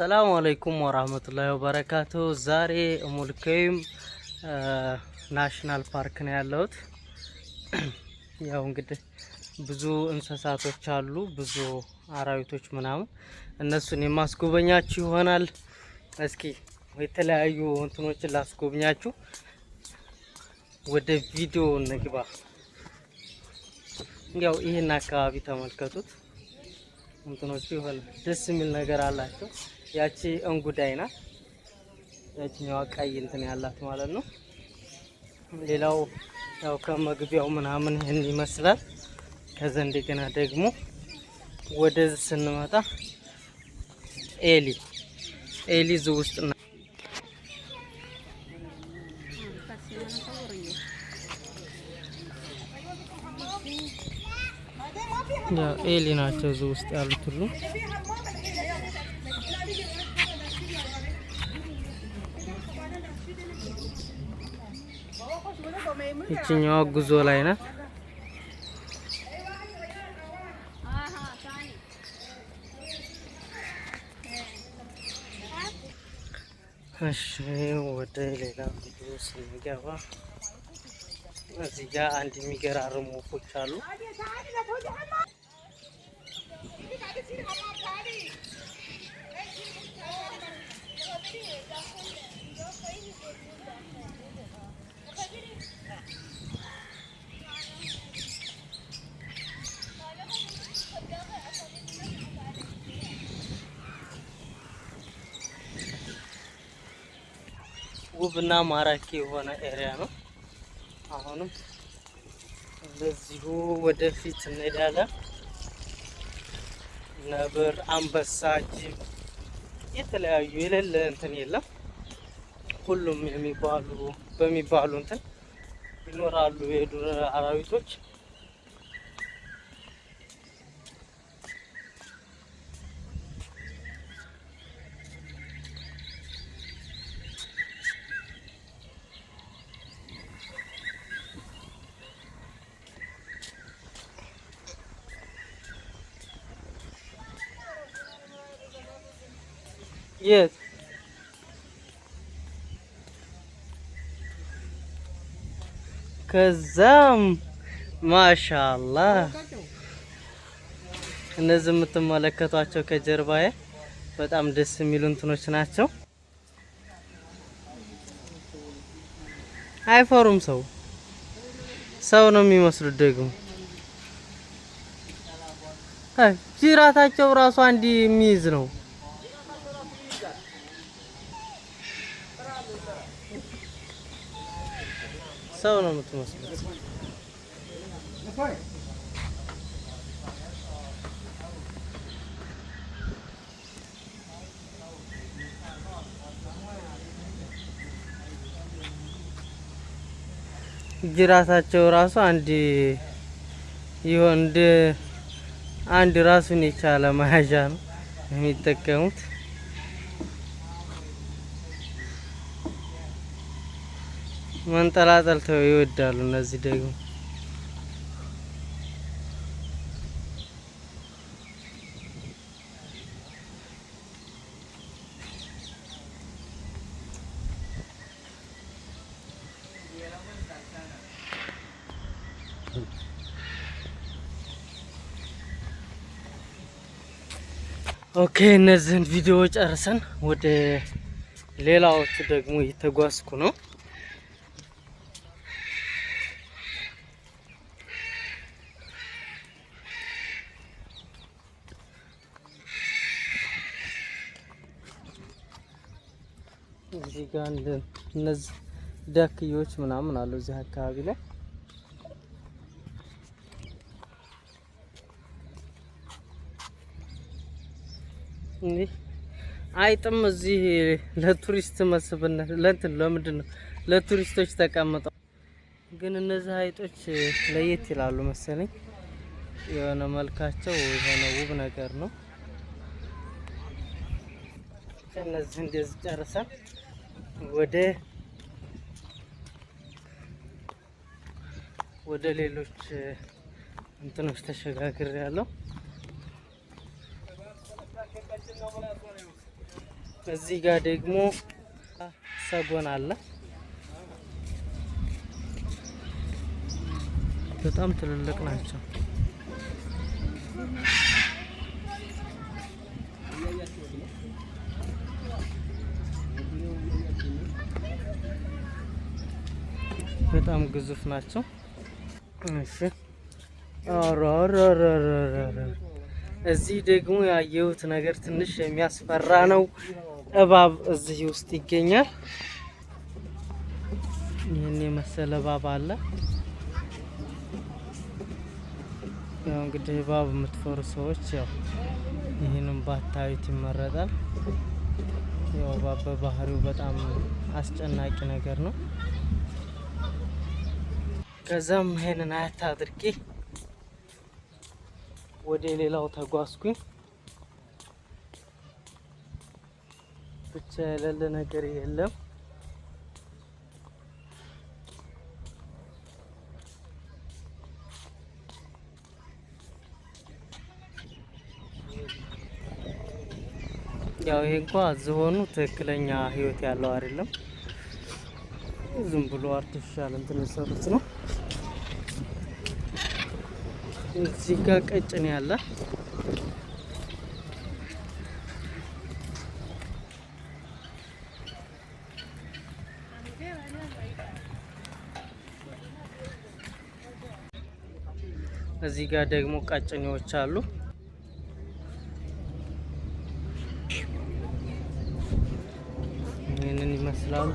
ሰላም አለይኩም ወራህመቱላሂ ወበረካቱ። ዛሬ ሙልከይም ናሽናል ፓርክ ነው ያለሁት። ያው እንግዲህ ብዙ እንስሳቶች አሉ፣ ብዙ አራዊቶች ምናምን፣ እነሱን የማስጎበኛችሁ ይሆናል። እስኪ የተለያዩ እንትኖችን ላስጎብኛችሁ። ወደ ቪዲዮ ንግባ። ያው ይህን አካባቢ ተመልከቱት። እንትኖቹ ይሆናል ደስ የሚል ነገር አላቸው። ያቺ እንጉዳይ ናት። ያቺኛዋ ቀይ እንትን ያላት ማለት ነው። ሌላው ያው ከመግቢያው ምናምን ይህን ይመስላል። ከዚ እንደገና ደግሞ ወደዚህ ስንመጣ ኤሊ ኤሊ ዝ ውስጥ ና ኤሊ ናቸው እዚህ ውስጥ ያሉት ሁሉ ይችኛዋ ጉዞ ላይ ናት። እሺ ወደ ሌላ ቪዲዮ ስንገባ እዚህ ጋ አንድ የሚገራርሙ ወፎች አሉ። ውብና ማራኪ የሆነ ኤሪያ ነው። አሁንም እንደዚሁ ወደፊት እንሄዳለን። ነብር፣ አንበሳ፣ ጅብ የተለያዩ የሌለ እንትን የለም። ሁሉም የሚባሉ በሚባሉ እንትን ይኖራሉ የዱር አራዊቶች። የት ከዛም ማሻላ እነዚህ የምትመለከቷቸው ከጀርባዬ በጣም ደስ የሚሉ እንትኖች ናቸው። አይፈሩም። ሰው ሰው ነው የሚመስሉት። ደግሞ ጅራታቸው ራሱ አንድ የሚይዝ ነው። ሰው ነው የምትመስሉት። ጅራታቸው ራሱ አንድ ይሆን አንድ ራሱን የቻለ መያዣ ነው የሚጠቀሙት። መንጠላጠል ተው ይወዳሉ። እነዚህ ደግሞ ኦኬ እነዚህን ቪዲዮ ጨርሰን ወደ ሌላዎቹ ደግሞ እየተጓዝኩ ነው። አንድ እነዚህ ዳክዬዎች ምናምን አሉ እዚህ አካባቢ ላይ እንዲህ አይጥም እዚህ ለቱሪስት መስህብነት ለእንትን ለምንድን ነው ለቱሪስቶች ተቀምጠው፣ ግን እነዚህ አይጦች ለየት ይላሉ መሰለኝ። የሆነ መልካቸው የሆነ ውብ ነገር ነው። እነዚህ እንደዚህ ጨርሰን ወደ ወደ ሌሎች እንትኖች ተሸጋግር ያለው እዚህ ጋር ደግሞ ሰጎን አለ። በጣም ትልልቅ ናቸው። በጣም ግዙፍ ናቸው። እሺ እዚህ ደግሞ ያየሁት ነገር ትንሽ የሚያስፈራ ነው። እባብ እዚህ ውስጥ ይገኛል። ይህን የመሰለ እባብ አለ። ያው እንግዲህ እባብ የምትፈሩ ሰዎች ያው ይህንም ባታዩት ይመረጣል። ያው እባብ በባህሪው በጣም አስጨናቂ ነገር ነው። ከዛም ይሄንን አያት አድርጌ ወደ ሌላው ተጓዝኩኝ። ብቻ የሌለ ነገር የለም። ያው ይሄ እንኳ ዝሆኑ ትክክለኛ ህይወት ያለው አይደለም። ዝም ብሎ አርቲፊሻል እንትን የሰሩት ነው። እዚህ ጋር ቀጭን ያለ እዚህ ጋር ደግሞ ቀጭኔዎች አሉ። ይህንን ይመስላሉ።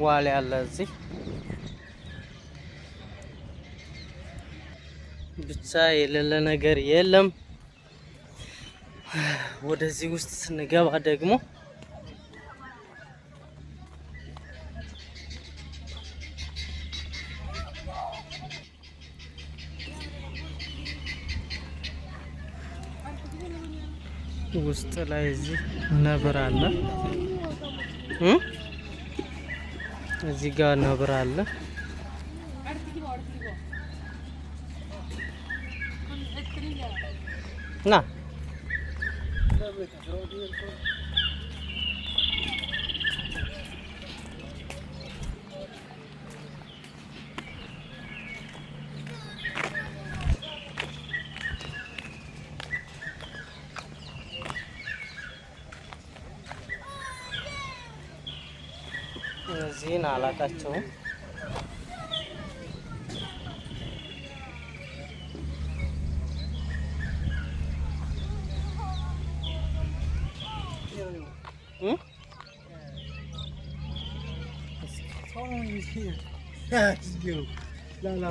ዋል ያለ እዚህ ብቻ የሌለ ነገር የለም። ወደዚህ ውስጥ ስንገባ ደግሞ ውስጥ ላይ እዚህ ነብር አለ። እዚህ ጋር ነብር አለ። ና నాలాకచ్చం Someone is here. That's you. No, no,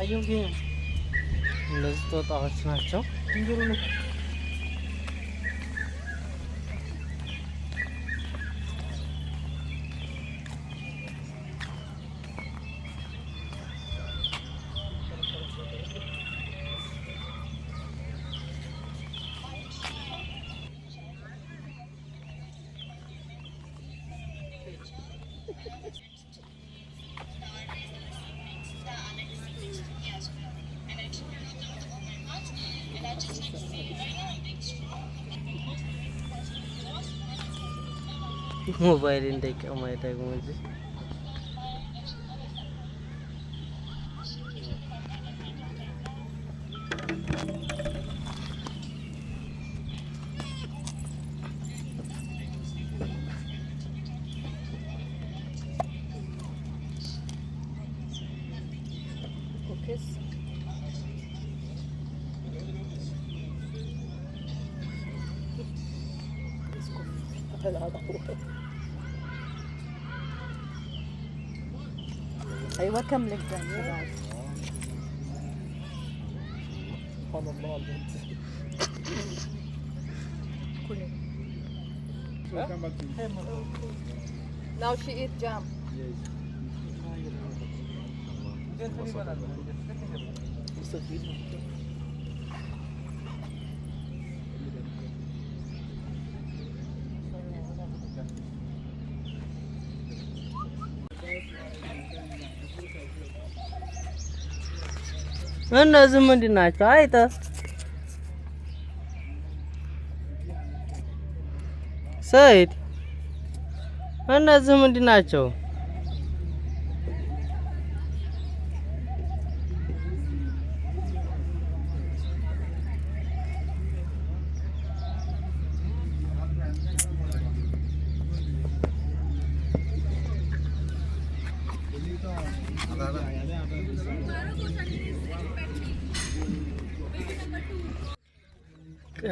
አየሁ። እነዚህ ጦጣዎች ናቸው ዝንጀሮ ነው። mobile ইন্টাই কামায় তাই কমেছে هذا هو ايوه كمل الجنب بعد سبحان الله Now she eat jam. Yes. እነዚህ ምንድን ናቸው? አይተ ሰይድ እነዚህ ምንድን ናቸው?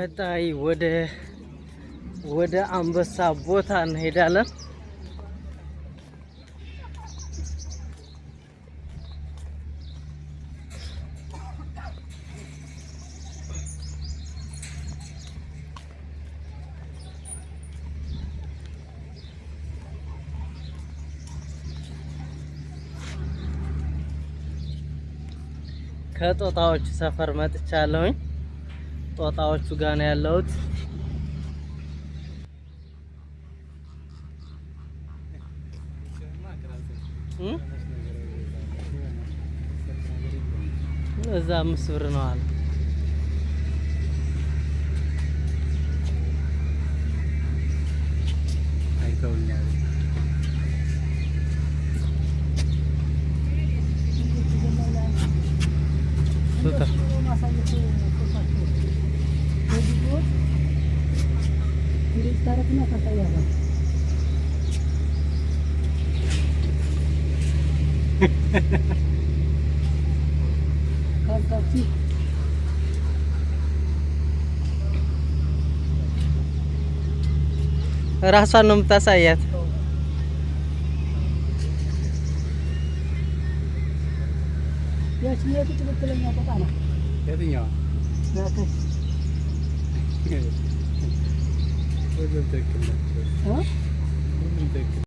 ቀጣይ ወደ ወደ አንበሳ ቦታ እንሄዳለን። ከጦጣዎች ሰፈር መጥቻለሁኝ። ጦጣዎቹ ጋር ነው ያለሁት። እዛ አምስት ብር ነው አለ። አይተውኛል። sekarang kenapa saya bang? sih. Rasa numta saya. Ya, sini aku coba telinga apa tanah. Ya, tinggal. Ya, oke Huh?